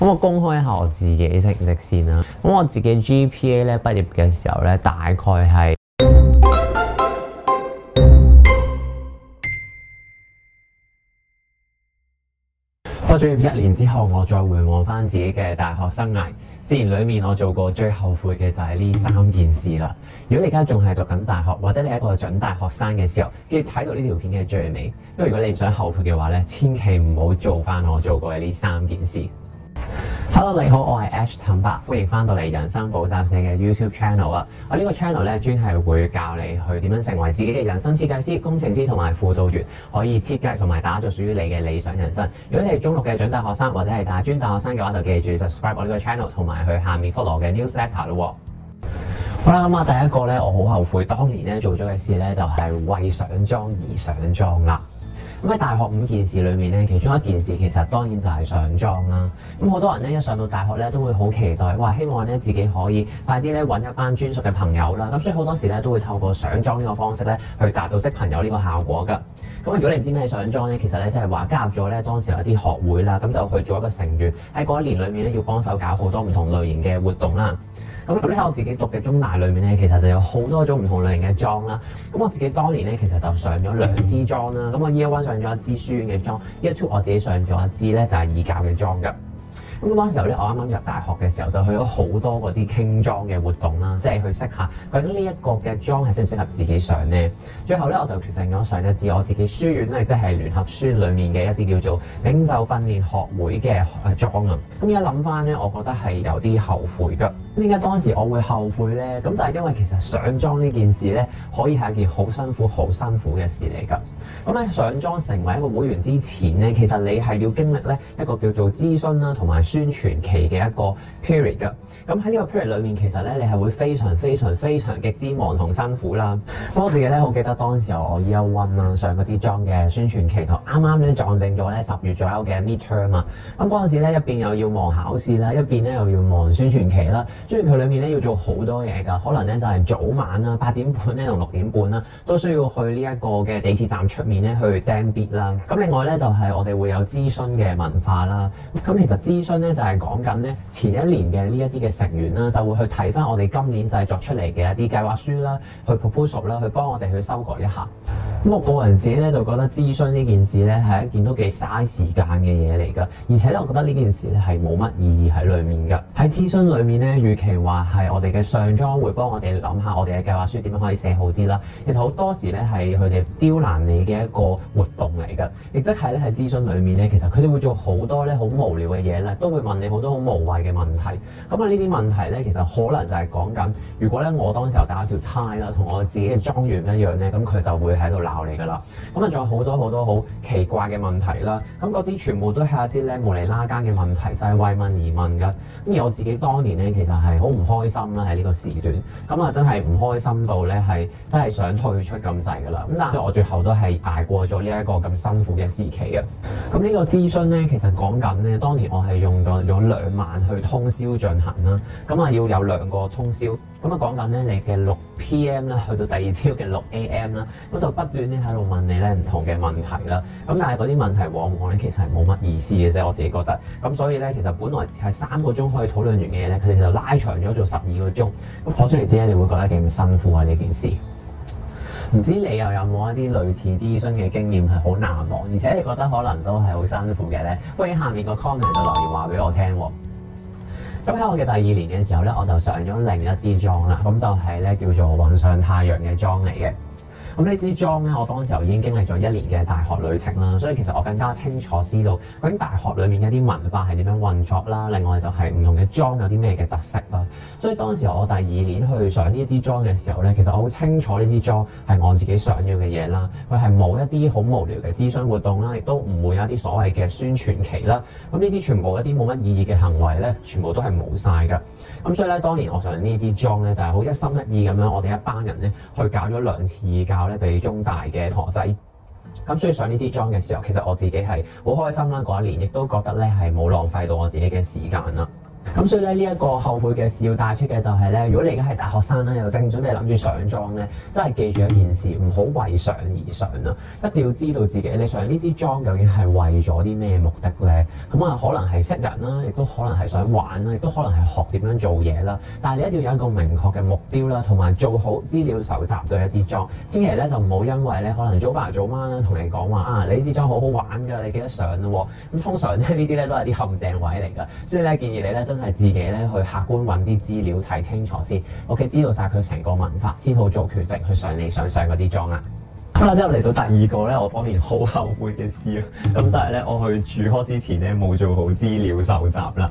咁我公開下我自己成績先啦。咁我自己 GPA 咧，畢業嘅時候咧，大概係畢咗業一年之後，我再回望翻自己嘅大學生涯。自然裏面我做過最後悔嘅就係呢三件事啦。如果你而家仲係讀緊大學，或者你係一個準大學生嘅時候，記住睇到呢條片嘅最尾，因為如果你唔想後悔嘅話咧，千祈唔好做翻我做過嘅呢三件事。Hello，你好，我係 Ash 塵伯，ak, 歡迎翻到嚟人生補習社嘅 YouTube Channel 啊！我個呢個 channel 咧專係會教你去點樣成為自己嘅人生設計師、工程師同埋輔導員，可以設計同埋打造屬於你嘅理想人生。如果你係中六嘅準大學生或者係大專大學生嘅話，就記住 subscribe 我呢個 channel 同埋去下面 follow 我嘅 newsletter 咯。嗯、好啦，咁啊，第一個咧，我好後悔當年咧做咗嘅事咧，就係、是、為上莊而上莊啦。咁喺大學五件事裏面咧，其中一件事其實當然就係上莊啦。咁好多人咧一上到大學咧，都會好期待，哇！希望咧自己可以快啲咧揾一班專屬嘅朋友啦。咁所以好多時咧都會透過上莊呢個方式咧，去達到識朋友呢個效果噶。咁如果你唔知咩上莊咧，其實咧即係話加入咗咧當時有一啲學會啦，咁就去做一個成員，喺嗰一年裏面咧要幫手搞好多唔同類型嘅活動啦。咁喺我自己讀嘅中大裏面咧，其實就有好多種唔同類型嘅莊啦。咁我自己當年咧，其實就上咗兩支莊啦。咁我 year one 上咗一支書院嘅莊，year two 我自己上咗一支咧就係二教嘅莊噶。咁當時候咧，我啱啱入大學嘅時候就，就去咗好多嗰啲傾莊嘅活動啦，即係去識下究竟呢一個嘅莊係適唔適合自己上呢。最後咧，我就決定咗上一支我自己書院咧，即係聯合書裡面嘅一支叫做領袖訓練學會嘅誒莊啊。咁而家諗翻咧，我覺得係有啲後悔噶。點解當時我會後悔呢？咁就係、是、因為其實上莊呢件事咧，可以係一件好辛苦、好辛苦嘅事嚟㗎。咁咧上莊成為一個會員之前咧，其實你係要經歷咧一個叫做諮詢啦同埋宣傳期嘅一個 period 嘅。咁喺呢個 period 裏面，其實咧你係會非常非常非常極之忙同辛苦啦。我自己咧好記得當時候我 year one 啦上嗰啲莊嘅宣傳期就剛剛，就啱啱咧撞正咗咧十月左右嘅 midterm 啊。咁嗰陣時咧一邊又要忙考試啦，一邊咧又要忙宣傳期啦。雖然佢裏面咧要做好多嘢㗎，可能咧就係、是、早晚啦八點半咧同六點半啦，都需要去呢一個嘅地鐵站出面咧去掟 bit 啦，咁另外咧就係我哋會有諮詢嘅文化啦。咁其實諮詢咧就係講緊咧前一年嘅呢一啲嘅成員啦，就會去睇翻我哋今年製作出嚟嘅一啲計劃書啦，去 proposal 啦，去幫我哋去修改一下。咁我個人自己咧就覺得諮詢呢件事咧係一件都幾嘥時間嘅嘢嚟㗎，而且咧我覺得呢件事咧係冇乜意義喺裡面㗎。喺諮詢裡面咧，與其話係我哋嘅上莊會幫我哋諗下我哋嘅計劃書點樣可以寫好啲啦。其實好多時咧係佢哋刁難你嘅一個活動嚟㗎，亦即係咧喺諮詢裡面咧，其實佢哋會做好多咧好無聊嘅嘢咧，都會問你好多好無謂嘅問題。咁啊呢啲問題咧，其實可能就係講緊，如果咧我當時候打條呔啦，同我自己嘅莊員一樣咧，咁佢就會喺度。嚟噶啦，咁啊仲有好多好多好奇怪嘅問題啦，咁嗰啲全部都係一啲咧無厘拉更嘅問題，就係、是、為問而問噶。咁而我自己當年咧，其實係好唔開心啦，喺呢個時段，咁啊真係唔開心到咧，係真係想退出咁滯噶啦。咁但係我最後都係捱過咗呢一個咁辛苦嘅時期啊。咁呢個諮詢咧，其實講緊咧，當年我係用咗兩晚去通宵進行啦，咁啊要有兩個通宵。咁啊，講緊咧，你嘅六 P.M. 咧去到第二朝嘅六 A.M. 啦，咁就不斷咧喺度問你咧唔同嘅問題啦。咁但係嗰啲問題往往咧其實係冇乜意思嘅啫，我自己覺得。咁所以咧，其實本來係三個鐘可以討論完嘅嘢咧，佢哋就拉長咗做十二個鐘。咁講出嚟之後，你會覺得幾辛苦啊呢件事？唔知你又有冇一啲類似諮詢嘅經驗係好難忘，而且你覺得可能都係好辛苦嘅咧？歡迎喺下面個 comment 度留言話俾我聽喎。咁喺我嘅第二年嘅時候咧，我就上咗另一支莊啦，咁就係咧叫做雲上太陽嘅莊嚟嘅。咁呢支莊咧，我當時候已經經歷咗一年嘅大學旅程啦，所以其實我更加清楚知道，究竟大學裡面嘅一啲文化係點樣運作啦。另外就係唔同嘅莊有啲咩嘅特色啦。所以當時我第二年去上呢支莊嘅時候咧，其實我好清楚呢支莊係我自己想要嘅嘢啦。佢係冇一啲好無聊嘅諮詢活動啦，亦都唔會有一啲所謂嘅宣傳期啦。咁呢啲全部一啲冇乜意義嘅行為咧，全部都係冇晒噶。咁所以咧，當年我上呢支莊咧，就係、是、好一心一意咁樣，我哋一班人咧去搞咗兩次教。俾中大嘅同學仔咁，所以上呢啲莊嘅時候，其實我自己係好開心啦。嗰一年亦都覺得咧係冇浪費到我自己嘅時間啦。咁所以咧呢一、這個後悔嘅事要帶出嘅就係咧，如果你而家係大學生咧、啊，又正準備諗住上莊咧，真係記住一件事，唔好為上而上啦、啊，一定要知道自己你上呢支莊究竟係為咗啲咩目的咧？咁、嗯、啊，可能係識人啦、啊，亦都可能係想玩啦、啊，亦都可能係學點樣做嘢啦、啊。但係你一定要有一個明確嘅目標啦、啊，同埋做好資料搜集對一啲莊，千祈咧就唔好因為咧可能莊爸莊媽咧同你講話啊，你呢支莊好好玩㗎，你記得上啦、啊、喎。咁、嗯、通常咧呢啲咧都係啲陷阱位嚟㗎，所以咧建議你咧真。係自己咧去客觀揾啲資料睇清楚先，OK，知道晒佢成個文化，先好做決定去上你想上嗰啲莊啦。咁啦，之後嚟到第二個咧，我方面好後悔嘅事，咁就係咧，我去住 hall 之前咧冇做好資料搜集啦。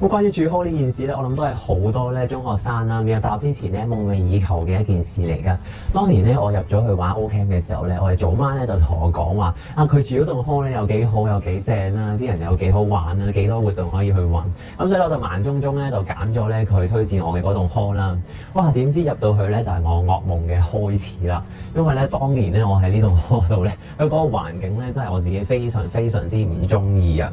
咁關於住 hall 呢件事呢，我諗都係好多呢中學生啦、啊，入大學之前呢，夢寐以求嘅一件事嚟噶。當年呢，我入咗去玩 O camp 嘅時候呢，我哋早晚呢就同我講話啊，佢住嗰棟 hall 呢，有幾好，有幾正啦、啊，啲人有幾好玩啊，幾多，多活動可以去玩。咁所以我就盲中中呢，就揀咗呢佢推薦我嘅嗰棟 hall 啦。哇、啊！點知入到去呢，就係、是、我噩夢嘅開始啦，因為呢，當年呢，我喺呢棟 hall 度呢，佢嗰個環境呢，真係我自己非常非常之唔中意啊！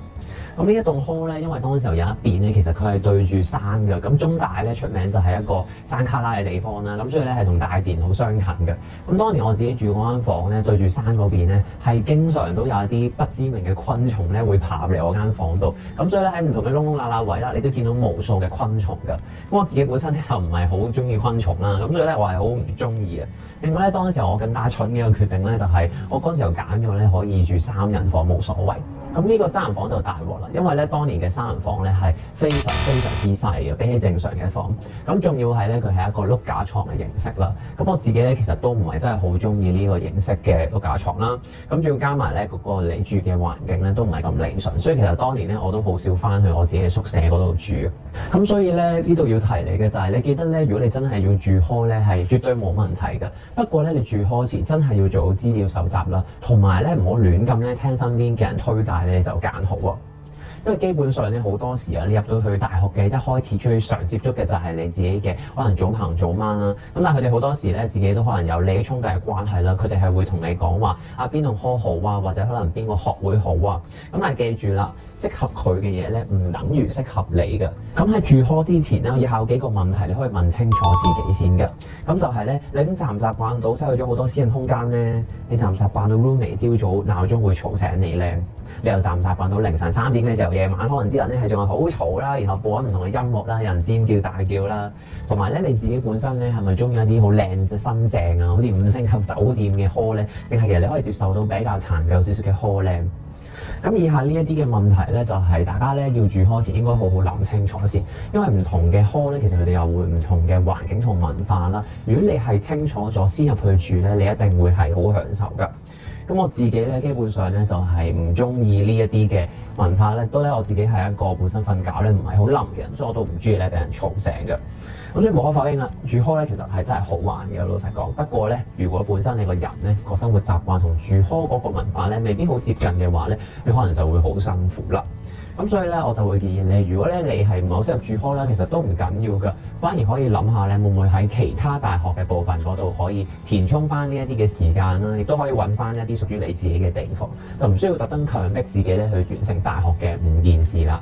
咁呢一棟 hall 咧，因為當時候有一邊咧，其實佢係對住山嘅。咁中大咧出名就係一個山卡拉嘅地方啦。咁所以咧係同大自然好相近嘅。咁當年我自己住嗰間房咧，對住山嗰邊咧，係經常都有一啲不知名嘅昆蟲咧會爬入嚟我間房度。咁所以咧喺唔同嘅窿窿罅罅位啦，你都見到無數嘅昆蟲㗎。咁我自己本身咧就唔係好中意昆蟲啦。咁所以咧我係好唔中意呀。另外咧當時候我更加蠢嘅一個決定咧，就係、是、我嗰時候揀咗咧可以住三人房，冇所謂。咁呢個三人房就大鑊啦，因為咧當年嘅三人房咧係非常非常之細嘅，比起正常嘅房。咁仲要係咧佢係一個碌架床嘅形式啦。咁我自己咧其實都唔係真係好中意呢個形式嘅碌架床啦。咁仲要加埋咧嗰個你住嘅環境咧都唔係咁理想，所以其實當年咧我都好少翻去我自己嘅宿舍嗰度住。咁所以咧呢度要提你嘅就係、是、你記得咧，如果你真係要住開咧，係絕對冇問題嘅。不過咧你住開前真係要做好資料搜集啦，同埋咧唔好亂咁咧聽身邊嘅人推介。咧就揀好，因為基本上咧好多時啊，你入到去大學嘅一開始，最常接觸嘅就係你自己嘅可能早行早晚啦。咁但係佢哋好多時咧，自己都可能有利益衝突嘅關係啦。佢哋係會同你講話啊，邊度科好啊，或者可能邊個學會好啊。咁但係記住啦。適合佢嘅嘢咧，唔等於適合你噶。咁喺住 hall 之前咧，以下幾個問題你可以問清楚自己先噶。咁就係、是、咧，你已經習唔習慣到失去咗好多私人空間咧？你習唔習慣到 roommate、er、朝早鬧鐘會吵醒你咧？你又習唔習慣到凌晨三點嘅時候，夜晚可能啲人咧係仲係好嘈啦，然後播緊唔同嘅音樂啦，有人尖叫大叫啦，同埋咧你自己本身咧係咪中意一啲好靚嘅新淨啊？好似五星級酒店嘅 hall 咧，定係其實你可以接受到比較殘舊少少嘅 hall 咧？咁以下呢一啲嘅問題呢，就係、是、大家呢要住 hall 前應該好好諗清楚先，因為唔同嘅 hall 呢，其實佢哋又會唔同嘅環境同文化啦。如果你係清楚咗先入去住呢，你一定會係好享受㗎。咁我自己咧，基本上咧就係唔中意呢一啲嘅文化咧。都咧我自己係一個本身瞓覺咧唔係好冧嘅人，所以我都唔中意咧俾人嘈醒嘅。咁所以無可否認啦，住 hall 咧其實係真係好玩嘅。老實講，不過咧如果本身你個人咧個生活習慣同住 hall 嗰個文化咧未必好接近嘅話咧，你可能就會好辛苦啦。咁所以咧，我就會建議你，如果咧你係唔係好適合住科啦，其實都唔緊要噶，反而可以諗下咧，會唔會喺其他大學嘅部分嗰度可以填充翻呢一啲嘅時間啦，亦都可以揾翻一啲屬於你自己嘅地方，就唔需要特登強迫自己咧去完成大學嘅五件事啦。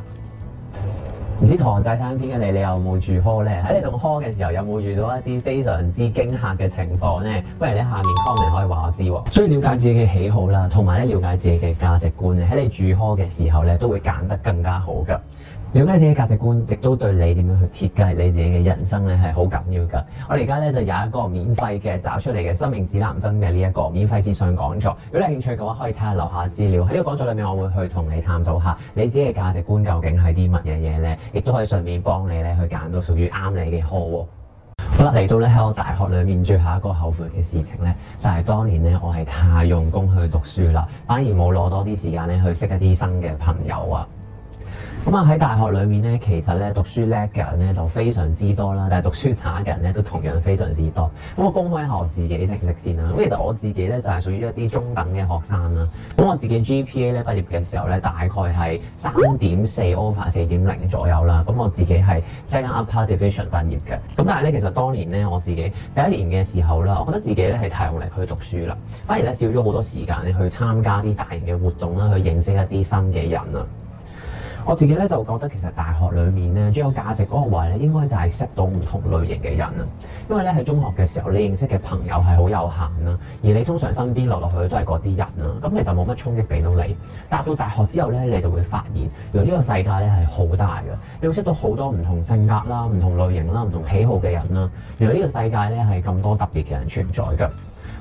唔知同學仔睇片嘅你，你有冇住呵呢？喺你住呵嘅時候，有冇遇到一啲非常之驚嚇嘅情況呢？不如你下面 comment 可以話我知。所以了解自己嘅喜好啦，同埋咧了解自己嘅價值觀咧，喺你住呵嘅時候咧，都會揀得更加好噶。了解自己價值觀，亦都對你點樣去設計你自己嘅人生咧，係好緊要㗎。我哋而家咧就有一個免費嘅找出嚟嘅生命指南針嘅呢一個免費線上講座。如果你興趣嘅話，可以睇下留下資料。喺呢個講座裏面，我會去同你探討下你自己嘅價值觀究竟係啲乜嘢嘢咧，亦都可以順便幫你咧去揀到屬於啱你嘅科。好啦，嚟到咧喺我大學裏面最後一個後悔嘅事情咧，就係、是、當年咧我係太用功去讀書啦，反而冇攞多啲時間咧去識一啲新嘅朋友啊。咁啊喺大學裏面咧，其實咧讀書叻嘅人咧就非常之多啦，但係讀書差嘅人咧都同樣非常之多。咁我公開下我自己嘅成績先啦。咁其實我自己咧就係屬於一啲中等嘅學生啦。咁我自己 GPA 咧畢業嘅時候咧，大概係三點四 over 四點零左右啦。咁我自己係 second upper division 畢業嘅。咁但係咧，其實當年咧我自己第一年嘅時候啦，我覺得自己咧係太用力去讀書啦，反而咧少咗好多時間咧去參加啲大型嘅活動啦，去認識一啲新嘅人啦。我自己咧就覺得其實大學裡面咧最有價值嗰個位咧，應該就係識到唔同類型嘅人啊。因為咧喺中學嘅時候，你認識嘅朋友係好有限啦，而你通常身邊落落去都係嗰啲人啦，咁其實冇乜衝擊俾到你。搭到大學之後咧，你就會發現，原來呢個世界咧係好大嘅，你會識到好多唔同性格啦、唔同類型啦、唔同喜好嘅人啦。原來呢個世界咧係咁多特別嘅人存在㗎。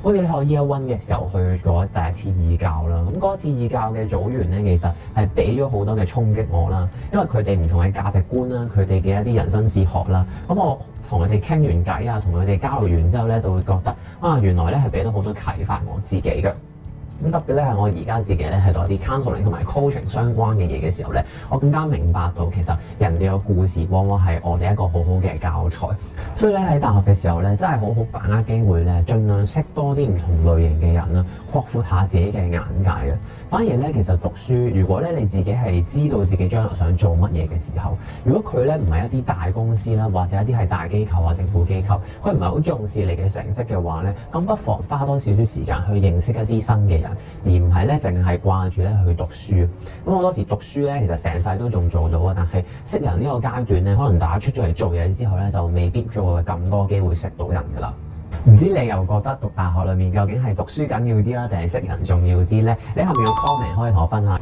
我哋喺 year one 嘅時候去咗第一次義教啦，咁嗰次義教嘅組員咧，其實係俾咗好多嘅衝擊我啦，因為佢哋唔同嘅價值觀啦，佢哋嘅一啲人生哲學啦，咁我同佢哋傾完偈啊，同佢哋交流完之後咧，就會覺得啊，原來咧係俾咗好多啟發我自己嘅。咁特別咧，係我而家自己咧，係做啲 counseling 同埋 coaching 相關嘅嘢嘅時候咧，我更加明白到其實人哋嘅故事往往係我哋一個好好嘅教材。所以咧，喺大學嘅時候咧，真係好好把握機會咧，盡量識多啲唔同類型嘅人啦，擴闊下自己嘅眼界啊！反而咧，其實讀書，如果咧你自己係知道自己將來想做乜嘢嘅時候，如果佢咧唔係一啲大公司啦，或者一啲係大機構啊、政府機構，佢唔係好重視你嘅成績嘅話咧，咁不妨花多少少時間去認識一啲新嘅人，而唔係咧淨係掛住咧去讀書。咁我當時讀書咧，其實成世都仲做到啊，但係識人呢個階段咧，可能大家出咗嚟做嘢之後咧，就未必做咁多機會識到人㗎啦。唔知你又覺得讀大學裏面究竟係讀書緊要啲啊，定係識人重要啲呢？你後面要 comment 可以同我分享。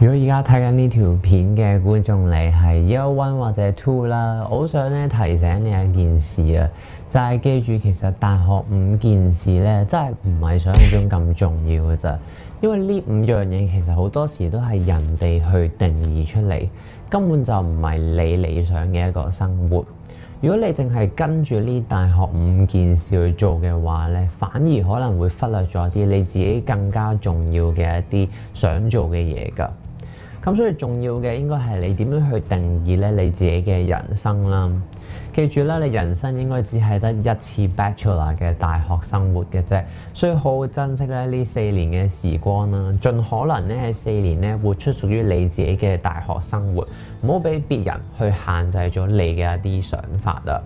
如果而家睇緊呢條片嘅觀眾你係 one 或者 two 啦，我好想咧提醒你一件事啊，就係記住其實大學五件事咧，真係唔係想象中咁重要嘅咋，因為呢五樣嘢其實好多時都係人哋去定義出嚟，根本就唔係你理想嘅一個生活。如果你淨係跟住呢大學五件事去做嘅話咧，反而可能會忽略咗啲你自己更加重要嘅一啲想做嘅嘢㗎。咁所以重要嘅應該係你點樣去定義咧你自己嘅人生啦。記住啦，你人生應該只係得一次 Bachelor 嘅大學生活嘅啫，所以好好珍惜咧呢四年嘅時光啦，盡可能咧喺四年咧活出屬於你自己嘅大學生活。唔好俾別人去限制咗你嘅一啲想法啦。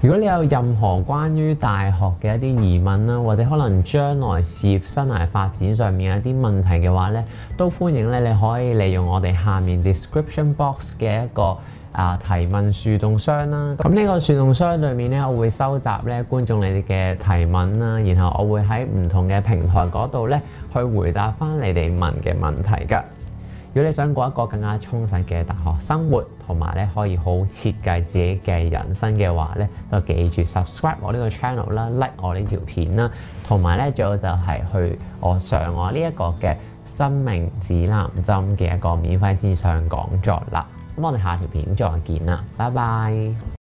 如果你有任何關於大學嘅一啲疑問啦，或者可能將來事業生涯發展上面一啲問題嘅話咧，都歡迎咧你可以利用我哋下面 description box 嘅一個啊提問樹洞箱啦。咁呢個樹洞箱裏面咧，我會收集咧觀眾你哋嘅提問啦，然後我會喺唔同嘅平台嗰度咧去回答翻你哋問嘅問題㗎。如果你想過一個更加充實嘅大學生活，同埋咧可以好設計自己嘅人生嘅話咧，都記住 subscribe 我呢個 channel 啦，like 我呢條片啦，同埋咧最好就係去我上我呢一個嘅生命指南針嘅一個免費線上講座啦。咁我哋下條片再見啦，拜拜。